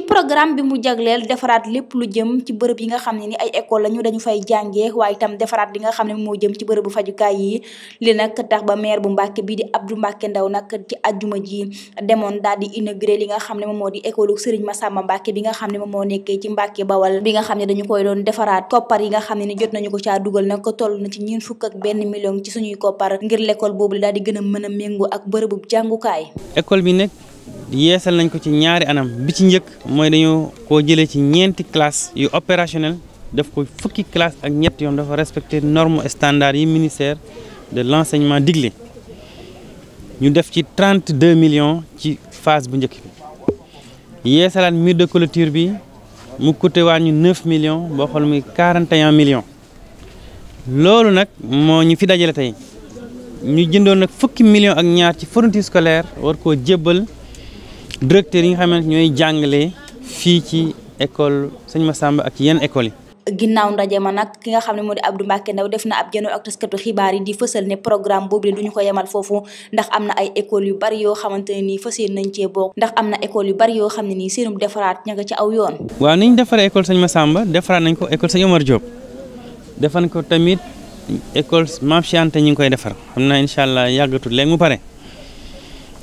ci programme bi mu jagleel defaraat lépp lu jëm ci bërëb yi nga xam ne ni ay école lañu dañu fay jàngee waaye itam defaraat li nga xam ne moo jëm ci bërëbu fajukaay yi li nag tax ba maire bu Mbàkke bii di Abdou Mbàkke Ndaw nag ci ajjuma ji demoon daal di inauguré li nga xam ne moom moo di école Serigne Massamba Mbàkke bi nga xam ne moom moo nekkee ci Mbàkke Bawal bi nga xam ne dañu koy doon defaraat koppar yi nga xam ne ni jot nañu ko caa dugal nag toll na ci ñeent fukk ak benn million ci suñuy koppar ngir l'école boobu la di gën a mën a méngoo ak bërëbu jàngukaay yeesal nañ ko ci ñaari anam bi ci njëkk mooy dañu koo jëlee ci ñeenti classe yu opérationnel def ko fukki classe ak ñett yoon dafa respecter norme standard yi ministère de l' enseignement digle ñu def ci 32 million ci phase bu njëkk bi yeesalaat mur de clôture bi mu coûté waa ñu 9 millions boo xool muy 41 millions loolu nag moo ñu fi dajale tey ñu jëndoon nag fukki million ak ñaar ci fourniture scolaire war koo jébbal directeur yi nga xamante ñooy jàngale fii ci école sëñ Massamba ak yenn école yi. ginnaaw ndaje ma nag ki nga xam ne moo ab Abdou Mbacke Ndaw def na ab jënoo ak taskatu xibaar yi di fësal ne programme boobu le du ko yemal foofu ndax am na ay école yu bari yoo xamante ne nii fas yéene nañ cee bokk ndax am na école yu bari yoo xam ne nii seenum defaraat ña nga ci aw yoon. waa ni ñu defaree école sëñ sàmba defaraat nañ ko école sëñ Omar Diop defan ko tamit école Mame Cheikh Anta ñu ngi koy defar xam naa incha allah yàggatul léegi mu pare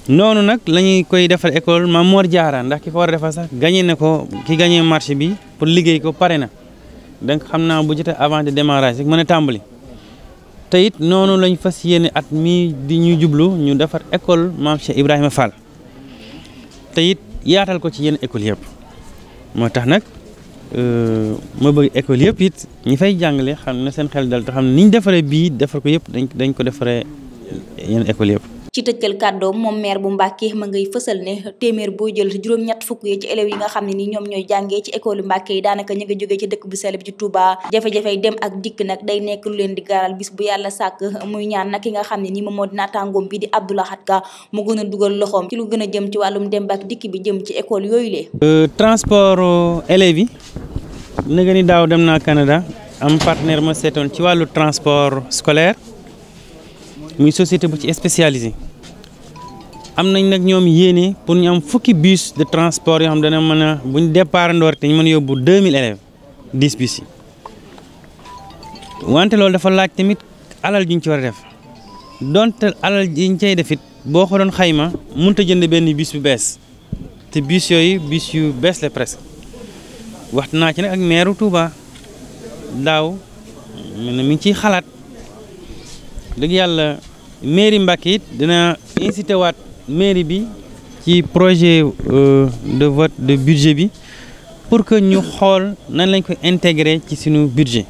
noonu nag la ñuy koy defar école Mame Mor Diarra ndax ki ko war a defar sax gagné ne ko ki gagné marché bi pour liggéey ko pare na donc xam naa bu jotee avant de démarrage rek mën a tàmbali. te it noonu lañu fas yéene at mii di ñu jublu ñu defar école Mame Cheikh Ibrahima Fall te it yaatal ko ci yenn école yëpp moo tax nag euh, ma bëgg école yëpp it ñi fay jàngale xam na seen xel dal te xam ni ñu defaree bii defar ko yëpp dañ dañ ko defaree yenn école yëpp. ci tëjkal kàddoom moom maire bu Mbàkke ma ngay fësal ne téeméer boo jël juróom-ñett fukk yi ci élèves yi nga xam ne ni ñoom ñooy jàngee ci école Mbàkke yi daanaka ñu nga jógee ci dëkk bu sell bi ci dem ak dikk nag day nekk lu leen di gaaral bis bu yàlla sàkk muy ñaan nag ki nga xam ne nii moom moo di naataangoom bi di Abdou Lahad Ka mu gën a dugal loxoom ci lu gën a jëm ci wàllum dem ak dikk bi jëm ci école yooyu lee euh, transport euh, élèves yi na nga ni daaw dem naa Canada am partenaire ma seetoon ci wàllu transport scolaire muy société bu ci spécialisé am nañ nag ñoom yéene pour ñu am fukki bus de transport yoo xam dana mën a buñ ñu départ te ñu mën a yóbbu 2000 élèves 10 yi wante loolu dafa laaj tamit alal ju ci war a def donte alal ji ñu cay def it boo ko doon xayma mënut jënd benn bus bu bees te bus yooyu bus yu bees la presque waxtu naa ci nag ak meeru Touba daaw mel na mi ngi ciy xalaat dëgg yàlla. mairie Mbacké dana dina waat mairie bi ci projet euh, de vote de budget bi pour que ñu xool nan lañ ko intégrer ci suñu budget